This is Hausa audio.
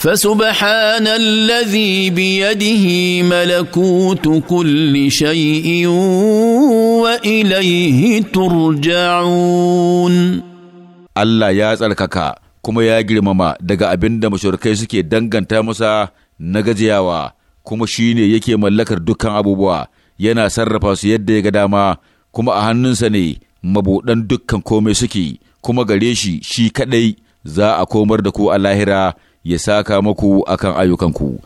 فسبحان الذي بيده ملكوت كل شيء وإليه ترجعون Allah ya tsarkaka kuma ya girmama daga abin da mashirkai suke danganta masa na gajiyawa kuma shi ne yake mallakar dukkan abubuwa yana sarrafa su yadda ya ga dama kuma a hannunsa ne mabuɗan dukkan komai suke kuma gare shi shi kaɗai za a komar da ku a lahira ya saka muku akan ayyukanku